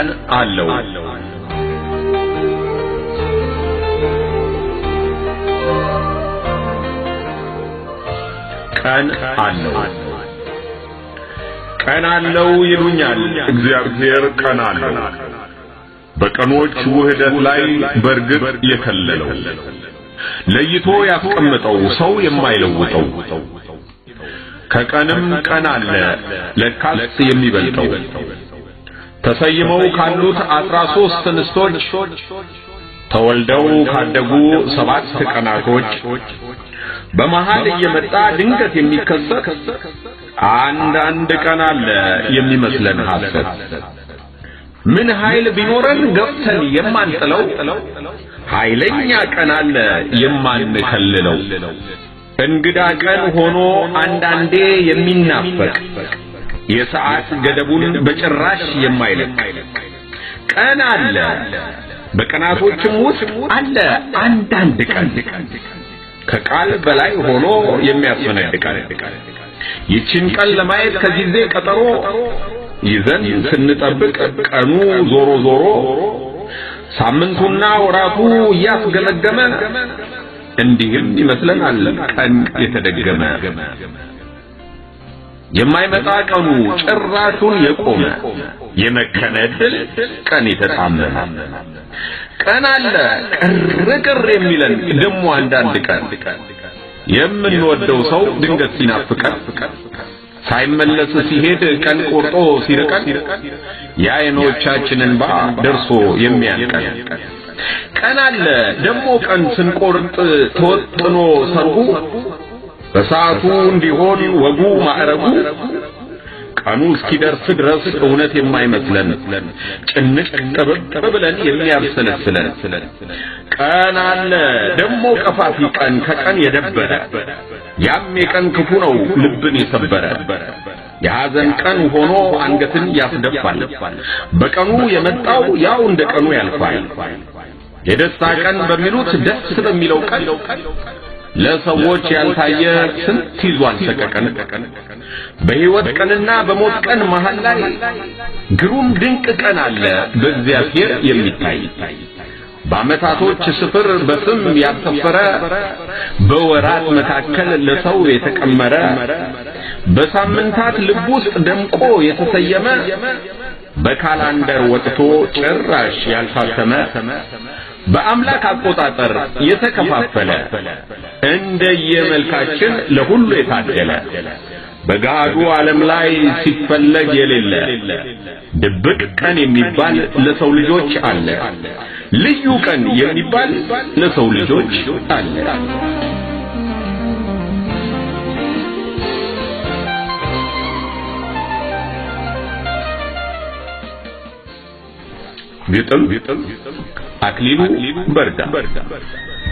ቃል አለው። ቀን አለው ቀን አለው ይሉኛል። እግዚአብሔር ቀን አለው በቀኖች ውህደት ላይ በእርግጥ የከለለው ለይቶ ያስቀመጠው ሰው የማይለውጠው ከቀንም ቀን አለ ለካስ የሚበልጠው ተሰይመው ካሉት አስራ ሶስት እንስቶች ተወልደው ካደጉ ሰባት ቀናቶች በመሃል እየመጣ ድንገት የሚከሰት አንድ አንድ ቀን አለ የሚመስለን ሐሰት ምን ኃይል ቢኖረን ገብተን የማንጥለው ኃይለኛ ቀን አለ የማንከልለው እንግዳ ቀን ሆኖ አንዳንዴ የሚናፈቅ የሰዓት ገደቡን በጭራሽ የማይለቅ ቀን አለ። በቀናቶችም ውስጥ አለ አንዳንድ ቀን ከቃል በላይ ሆኖ የሚያስፈነድቃል። ይችን ቀን ለማየት ከጊዜ ቀጠሮ ይዘን ስንጠብቅ ቀኑ ዞሮ ዞሮ ሳምንቱና ወራቱ እያስገመገመ እንዲህም ይመስለናል ቀን የተደገመ የማይመጣ ቀኑ ጭራሹን የቆመ የመከነ ድል ቀን የተጣመመ ቀን አለ ቅር ቅር የሚለን ደሞ አንዳንድ ቀን የምንወደው ሰው ድንገት ሲናፍቀን ሳይመለስ ሲሄድ ቀን ቆርጦ ሲርቀን የአይኖቻችን ባ ደርሶ የሚያልቀን ቀን አለ ደሞ ቀን ስንቆርጥ ተወጥኖ ሰርጉ በሰዓቱ እንዲሆን ወጉ ማዕረጉ ቀኑ እስኪደርስ ድረስ እውነት የማይመስለን ጭንቅ ጥብብ ብለን የሚያብሰለስለን ቀን አለ ደግሞ ቀፋፊ ቀን ከቀን የደበረ ያም የቀን ክፉ ነው ልብን የሰበረ የሐዘን ቀን ሆኖ አንገትን ያስደፋል በቀኑ የመጣው ያው እንደ ቀኑ ያልፋል የደስታ ቀን በሚሉት ደስ በሚለው ቀን ለሰዎች ያልታየ ስንት ይዟል ሰቀቀን። በሕይወት ቀንና በሞት ቀን መሃል ላይ ግሩም ድንቅ ቀን አለ በእግዚአብሔር የሚታይ በዓመታቶች ስፍር በስም ያልሰፈረ በወራት መካከል ለሰው የተቀመረ በሳምንታት ልብ ውስጥ ደምቆ የተሰየመ በካላንደር ወጥቶ ጭራሽ ያልታተመ በአምላክ አቆጣጠር የተከፋፈለ እንደየመልካችን ለሁሉ የታደለ በገሃዱ ዓለም ላይ ሲፈለግ የሌለ ድብቅ ቀን የሚባል ለሰው ልጆች አለ። ልዩ ቀን የሚባል ለሰው ልጆች አለ። Vital, Vital, Aclivo, Berta.